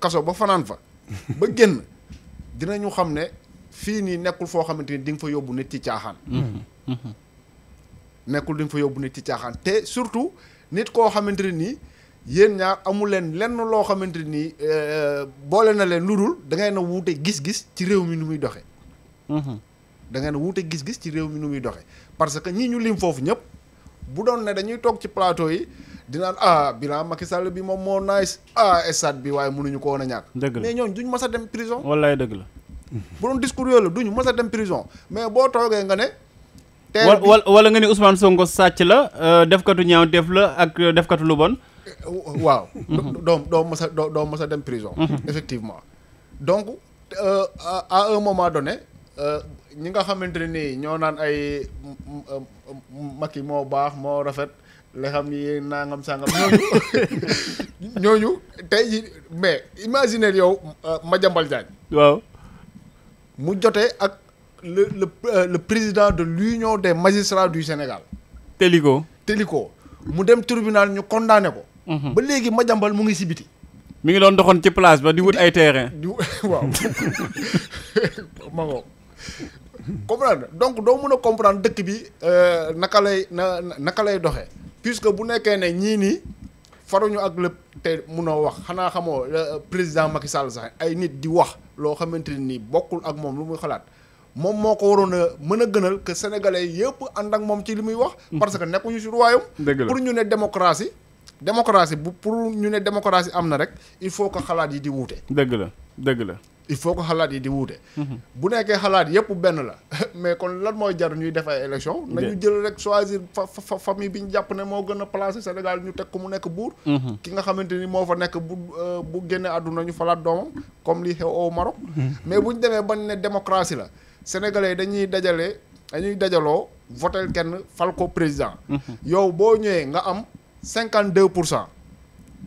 kaso ba fanaan fa ba génn dina dinañu xam ne fii nii nekkul foo xamante ni di nga fa yóbbu nit ci caaxaan nekkul di fa yóbbu nit ci caaxaan te surtout nit koo xamante ne nii yéen ñaar amul leen lenn loo xamante nii euh, boole na leen lu dul da ngay na wuute gis-gis ci réew mi nu muy doxe da ngay na wuute gis-gis ci réew mi nu muy doxe parce que ñii ñu lim foofu ñëpp bu doon ne dañuy toog ci plateau yi dinaan ah bilan Macky Sall bi moom moo nice ah stade bi waaye mënuñu ko woon a ñàkk. dëgg la mais ñooñu duñ mës a dem prison. wallaay dëgg la. bu doon discours yooyu la duñu mës a dem prison mais boo toogee nga ne. teel bi wala nga ni Ousmane Sonko sàcc la euh, defkatu ñaaw def la ak euh, defkatu lu eh, waaw. doo doo mës a doo doo mës a dem prison. Mhm. effectivement donc euh, à un moment donné. ñi nga xamante ne nii ñoo naan ay Macky moo baax moo rafet. la xam ni yéen nangam sangam ñooñu ñooñu tey mais imaginer yow euh, Madiambal Diagne waaw mu jotee ak le le euh, le président de l'union de magistrats du Sénégal Téliko Téliko mu dem tribunal ñu condamné ko mhm. ba léegi Madiambal mu ngi si biti mi ngi doon doxoon ci place ba di wut ay terrain waaw ma ngoo comprendre donc doo mën a comprendre dëkk bi euh, naka lay na naka lay doxee puisque bu nekkee ne ñii nii faruñu ak lépp te munoo wax xanaa xamoo euh, président Macky Sall sax ay nit di wax loo xamante ne nii bokkul ak moom lu muy xalaat moom moo ko waroon a mën a gënal que sénégalais yëpp ànd ak moom ci li muy wax. Mm-hmm. parce que nekkuñu si royaume. pour ñu ne démocratie. démocratie bu pour ñu ne démocratie am na rek il faut que xalaat yi di wuute. dëgg la dëgg la. il faut que xalaat yi di wute mhm. bu nekkee xalaat yëpp benn la mais kon lan mooy jar ñuy def ay élection nañu jël rek choisir fa fa famille bi ñu jàpp ne moo gën a placé Sénégal ñu teg ko mu nekk buur. Mhm. ki nga xamante ni moo fa nekk bu euh, bu génne àdduna ñu falaat doomam comme lii xew au Maroc. Mhm. mais bu ñu demee ba ne démocratie la sénégalais dañuy dajale dañuy dajaloo votel kenn fal ko président. yow boo ñëwee nga am cinquante deux pour cent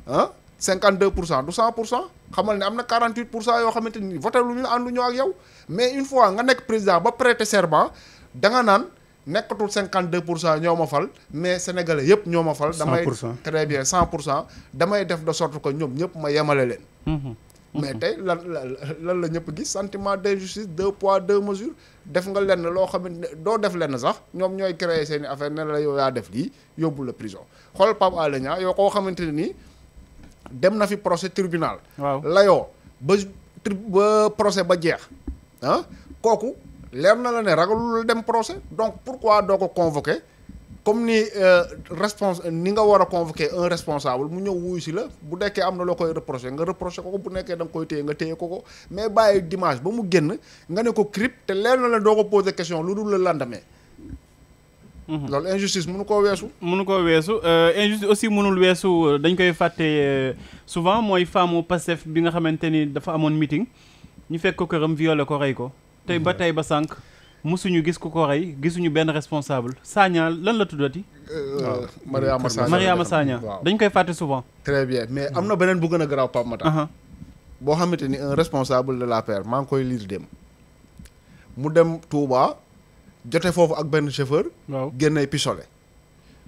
ah cinquante deux pour cent du cent pour cent. xamal ne am na 48 pour cent yoo xamante ni voté lu ñu ànduñu ak yow mais une fois nga nekk président ba prêter serment da nga naan nekkatul 52 pour cent ñoo ma fal mais sénégalais yëpp ñoo ma fal. damay très bien 100 pour cent damay def de sorte que ñoom ñëpp ma yemale leen. Mm-hmm. Mm-hmm. mais tey lan lan la ñëpp gis sentiment d'injustice deux poids deux mesures def nga lenn loo xam ne doo def lenn sax ñoom ñooy créer seen i affaire ne la yaa def lii yóbbu la prison xool Pape Alé yoo koo xamante ne nii. dem na fi procès tribunal. waaw layoo ba tri ba procès ba jeex ah kooku leer na la ne ragalul dem procès donc pourquoi doo ko convoqué comme ni euh, respons ni nga war a convoqué un responsable mu ñëw wuyu si la bu nekkee am na loo koy reproché nga reproché ko ko bu nekkee da nga koy téye nga téye ko ko mais bàyyi dimanche ba mu génn nga ne ko crip te leer na la doo ko posé question lu dul le lendemain. Mhm. loolu injustice mënu koo weesu. mënu koo weesu euh, injustice aussi mënul weesu dañ koy fàtte euh, souvent mooy femme Pastef bi nga xamante ni dafa amoon meeting ñu fekk ko këram violé ko rey ko. tey ba tey ba sànq mosuñu gis ku ko rey gisuñu benn responsable saañaa lan la tuddati. Euh, waaw Mariama Sagna Mariama Sagna dañ koy fàtte souvent. très bien mais am na mhm. beneen bu gën a garaaw Pape Matar. Uh-huh. boo xamante ni un responsable de l'APR maa ngi koy lire dem mu dem Touba. jote foofu ak benn chauffeur. waaw génnee pistolet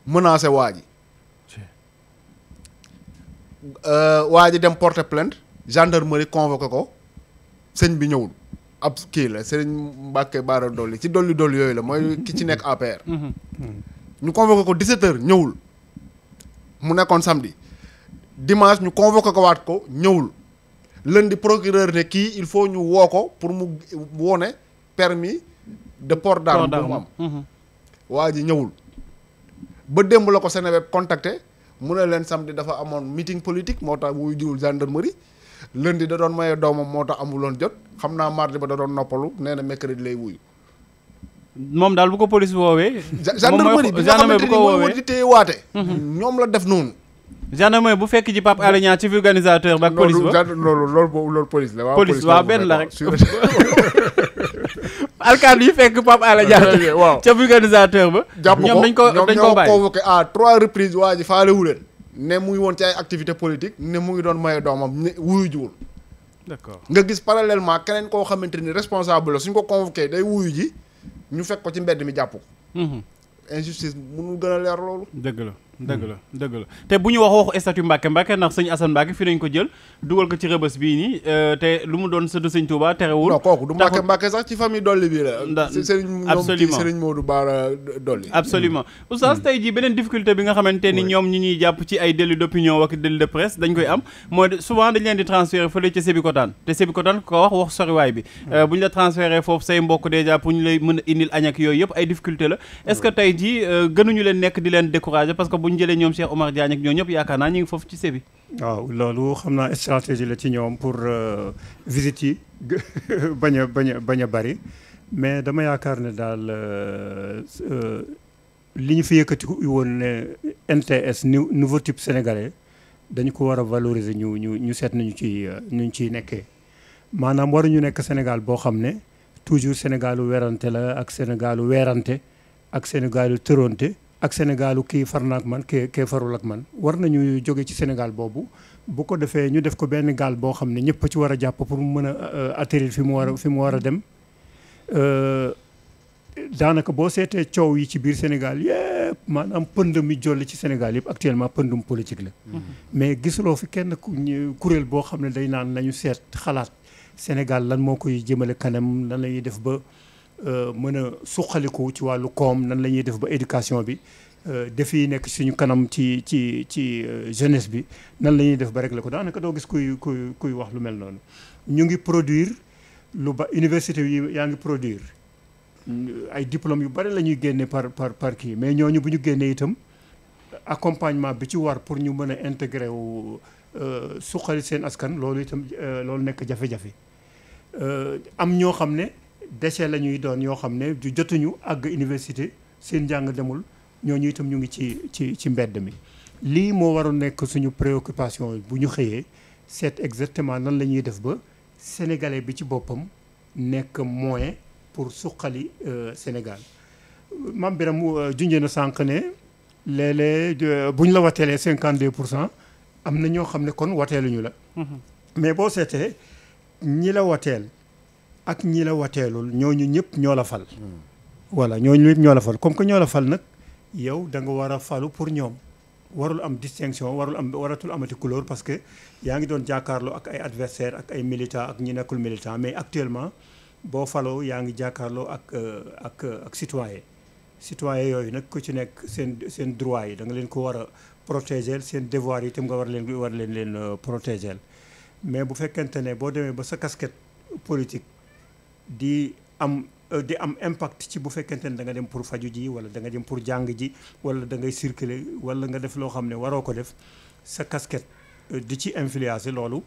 menacé waa ji. Euh, waa ji dem porter plainte gendarmerie convoqué ko sëñ bi ñëwul ab kii la sëñ Mbàkke Baara Dolli ci dolli dolli yooyu la mooy ki ci nekk APR. Mm-hmm. Mm-hmm. ñu convoqué ko 17h ñëwul mu nekkoon samedi dimanche ñu convoqué ko waat ko ñëwul lundi procureur ne kii il faut ñu woo ko pour mu woone permis de port d'arme bu mhm. waa ji ñëwul ba démb la ko Seneweb contacté mu ne leen di dafa amoon meeting politique moo tax wuy jiwul gendarmerie lundi da doon maye doomam moo tax amuloon jot xam naa mardi ba da doon noppalu nee na mercredi lay wuyu moom daal bu ko police woowee gendarmerie bi nga xamante ni mooy wër di téye waate mhm. bu fekk ji Pape Alé Niang ci organisateur ba police ba loolu loolu loolu police la waaw benn la rek alkaat yi fekk Pape Alé Niang waaw ca vulgarisateur ba. jàpp ko ñoom dañ ko dañ ko bàyyi convoqué à trois reprises waa ji faale wu ne mu ngi woon ci ay activité politique ne mu ngi doon maye doomam ne wuyu jiwul. d'accord nga gis parallèlement keneen koo xamante ni responsable la suñ ko convoqué day wuyu ji ñu fekk ko ci mbedd mi jàpp ko. Mhm. injustice mënul gën a leer loolu. dëgg la. dëgg la dëgg la te bu ñu wax waxu statut Mbàkke Mbàkke ndax sëñ Assane Mbàkke fi nañ ko jël dugal ko ci rëbës bii nii euh, te lu mu doon sëtu sëñ Touba terewul non kooku du Mbàkke Mbàkke sax ci famille Dolli bi la sëriñ absolument sëriñ mm. mm. ñuy jàpp ci ay délit d'opinion ak délit de presse dañ koy am mooy souvent dañ leen di transférer fële ca Sébikotaan te Sébikotaan ko wax wax soriwaay bi mm. euh, bu ñu la transférer foofu say mbokk déjà pour ñu lay mën a indil añak bu ñu jëlee ñoom Cheikh Omar Diagne ak ñoo ñëpp yaakaar naa ñu ngi foofu ci sébi waaw loolu xam naa stratégie la ci ñoom pour euh, visite yi bañ a bañ bañ a bari mais dama yaakaar ne daal euh, euh, li ñu fi yëkkati woon ne NTS nouveau type sénégalais dañu ko war a valoriser ñu ñu ñu seet nañu ci ñu ciy nekkee maanaam ñu nekk Sénégal boo xam ne toujours Sénégalu weerante la ak Sénégalu weerante ak Sénégalu tëronte ak sénégalu kii far na ak man kee kee farul ak man war nañu jóge ci sénégal boobu bu ko defee ñu def ko benn gaal boo xam ne ñëpp ci war a jàpp pour mu mën a euh, atterrir fi mu war a fi a dem euh, daanaka boo seetee coow yi ci biir sénégal yëpp maanaam pënd mi jolli ci sénégal yëpp actuellement pëndum politique la mm-hmm. mais gisuloo fi kenn kuréel boo xam ne day naan nañu seet xalaat sénégal lan moo koy jëmale kanam lan lañuy def ba Euh, mën a suqaliku ci wàllu koom nan la ñuy def ba éducation bi euh, def yi nekk suñu kanam ci ci ci euh, jeunesse bi nan la ñuy def ba régler ko daanaka doo gis kuy kuy kuy wax lu mel noonu ñu ngi produire lu ba université yi yaa ngi produire mmh, ay diplômes yu bari la ñuy génne par par par kii mais ñooñu bu ñu génnee itam accompagnement bi ci war pour ñu mën a intégrer wu suqali seen askan loolu itam loolu nekk jafe-jafe am ñoo xam ne. déchet la ñuy doon yoo xam ne jotuñu àgg université seen njàng demul ñooñu itam ñu ngi ci ci ci mbedd mi. lii moo waroon nekk suñu préoccupation bu ñu xëyee c'est exactement nan la ñuy def ba sénégalais bi ci boppam nekk moyen pour suqali euh, Sénégal. mam Biram euh, junjee na sànq ne léeg-léeg euh, bu ñu la wateelee 52 pour cent am na ñoo xam ne kon wateeluñu la. Mm-hmm. mais boo seetee ñi la wateel. ak ñi la wateelul ñu ñëpp ñoo la fal ñoo ñu ñëpp ñoo la fal comme que ñoo la fal nag yow da nga war a falu pour ñoom warul am distinction warul am waratul amati couleur parce que yaa ngi doon jàkkaarloo ak ay adversaire ak ay militant ak ñi nekkul militant mais actuellement boo faloo yaa ngi jàkkaarloo ak euh, ak euh, ak citoyen citoyen yooyu nag ku ci nekk seen seen droit yi da nga leen ko war a protéger seen devoir yi tam nga war leen war leen leen euh, protéger mais bu fekkente ne boo demee ba sa casquette di am euh, di am impact ci bu fekkente ne da nga dem pour faju ji wala danga dem pour jàng ji wala da ngay circuler wala nga def loo xam ne waroo ko def sa casquette euh, di ci influencer loolu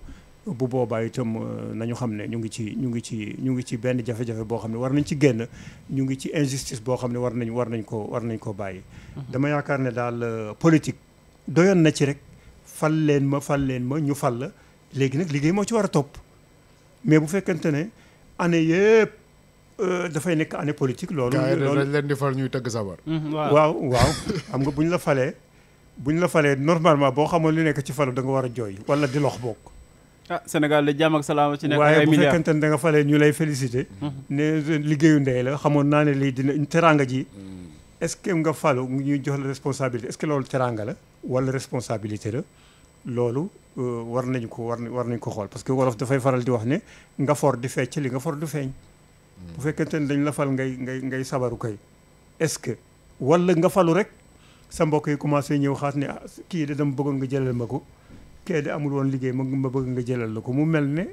bu boo boobaa itam euh, nañu xam ne ñu ngi ci ñu ngi ci ñu ngi ci benn jafe-jafe boo xam ne war nañ ci génn ñu ngi ci injustice boo xam ne war nañ war nañ ko war nañ ko bàyyi mhm. dama yaakaar ne daal politique doyoon na ci rek fal leen ma fal leen ma ñu fal la léegi nag liggéey moo ci war a topp mais bu fekkente ne année yëpp euh, dafay nekk année politique. loolu leen di fal ñuy tëgg sabar. Mm-hmm, waaw waaw xam nga bu ñu la falee bu ñu la falee normalement boo xamoon li nekk ci falu da nga war a jooy wala di lox bokk. ah Sénégal de jàmm ak salaam ci waaye bu fekkente ne da nga falee ñu lay félicité. Mm-hmm. ne liggéeyu ndey la xamoon naa ne lii dina teraanga ji. Mm. est-ce que nga falu ñu jox la responsabilité est-ce que loolu teraanga la wala responsabilité la. loolu euh, war nañ ko war war nañ ko xool parce que wolof dafay faral di wax ne nga for di fecc li nga for du feeñ hmm. bu fekkente ne dañ la fal ngay ngay ngay sabaru kay est-ce que wala nga falu rek sa mbokk yi commencé ñëw xaas ne ah, kii de dama bëggoon nga jëlal ma ko kee de amul woon liggéey ma ma bëgg nga jëlal la ko mu mel ne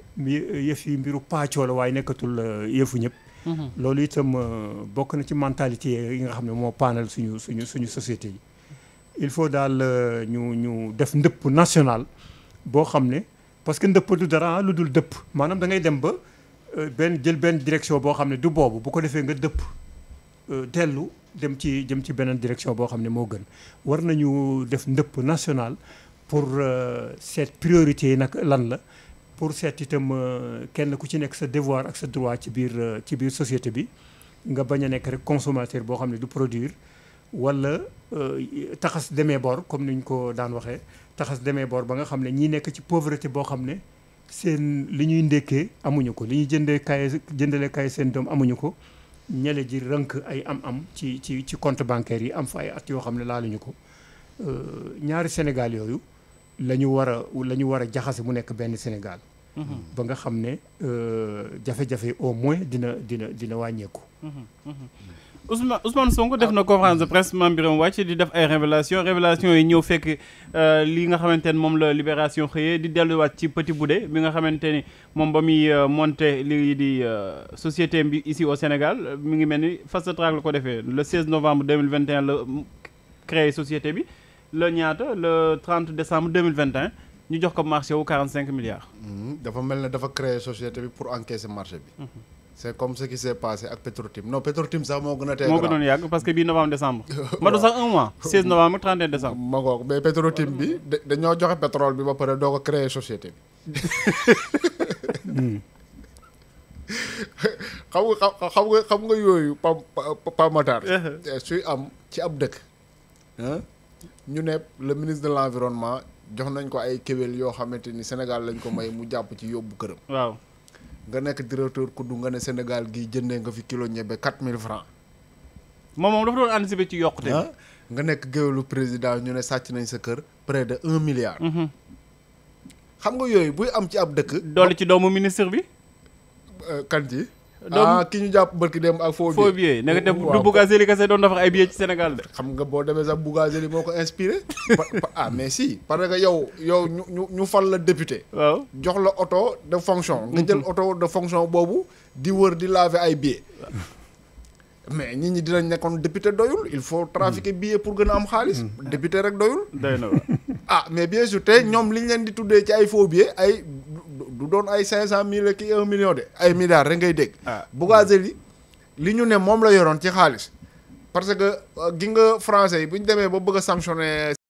yëf yi mbiru paacoo la waaye nekkatul euh, yëfu ñëpp hmm. loolu itam euh, bokk na ci mentalité yi nga xam ne moo paanal suñu suñu suñu société yi il faut daal euh, ñu ñu def ndëpp national boo xam ne parce que ndëpp du dara lu dul dëpp maanaam da ngay dem ba euh, benn jël benn direction boo xam ne du boobu bu ko defee nga dëpp euh, dellu dem ci jëm ci beneen direction boo xam ne moo gën war nañu def ndëpp national pour cette priorité yi nag lan la pour seet itam kenn ku ci nekk sa devoir ak sa droit ci biir ci biir société bi nga bañ a nekk rek consommateur boo xam ne du produire wala euh, taxas demee boor comme ni ñu ko daan waxee taxas demee boor ba nga xam ne ñii nekk ci pauvreté boo xam ne seen li ñuy ndékkee amuñu ko li ñuy jëndee kaay jëndalee kaay seen doom amuñu ko ñele ji rënk ay am-am ci ci ci compte bancaire yi am fa ay at yoo xam ne laaluñu ko euh, ñaari Sénégal yooyu la ñu war a la ñu war a jaxase mu nekk benn Sénégal. Mm-hmm. ba nga xam ne euh, jafe-jafe au moins dina dina dina wàññeeku. Mm-hmm. Mm-hmm. Ousmane Ousmane Sonko def na conférence de presse Mame Birame wàcc di def ay révélation révélation yi ñëw fekk euh, li nga xamante ne moom la libération xëyee di delluwaat ci bu Boudé bi nga xamante ni moom ba muy euh, monté lii di euh, société bi ici au Sénégal mi ngi mel ni fast track la ko defee le 16 novembre 2021 la créé société bi le ñaata le 30 décembre 2021 ñu jox ko marché wu cinq milliards. Mmh, dafa mel ne dafa créé société bi pour encaisser marché bi. Mmh. c'est comme ce qui s'est passé ak Petrotim non Petrotim sax moo gën a. tey moo gënoon yàgg parce que bii novembre décembre. matu sax un mois 16 novembre 31 décembre. ma ngoog mais Petrotim bi dañoo joxe pétrole bi ba pare doo ko créer société bi. xam nga xam nga xam nga yooyu pam pamatar uh-huh. eh, suy am ci ab dëkk. ñu ne le ministre de l'environnement jox nañ ko ay kéwél yoo xamante ni Sénégal lañ ko may mu jàpp ci yóbbu këram. waaw. nga nekk directeur kuddu nga ne Sénégal gi jëndee nga fi kilo ñebe 4000 francs moom moom dafa doon anticiper ci yokkute ah, nga nekk géwélu président ñu ne sàcc nañ sa kër près de un milliard mm-hmm. xam nga yooyu buy am ci ab dëkk dolli ci doomu ministre bi euh, kan ah ki ñu jàpp ki dem ak faux faux billet na nga dem du Bougazelli kese doon defar ay billets ci Sénégal de. xam nga boo demee sax Bougazelli moo ko inspiré. ah mais si parce que yow yow ñu ñu ñu fal la député. waaw jox la oto de fonction. nga jël oto de fonction boobu di wër di laver ay billets. mais nit ñi dinañ nekkoon député doyul il faut trafiquer billet pour gën a am xaalis. Mm. député rek doyul. doy na ah mais bien sûr te ñoom liñ leen di tuddee ci ay faux billets ay. du doon ay cinq cent mille ki un million de ay milliards rek ngay dégg ah. Bougazelli li ñu ne moom la yoroon ci xaalis parce que euh, gi nga français yi bu ñu demee ba bëgg a sanctionné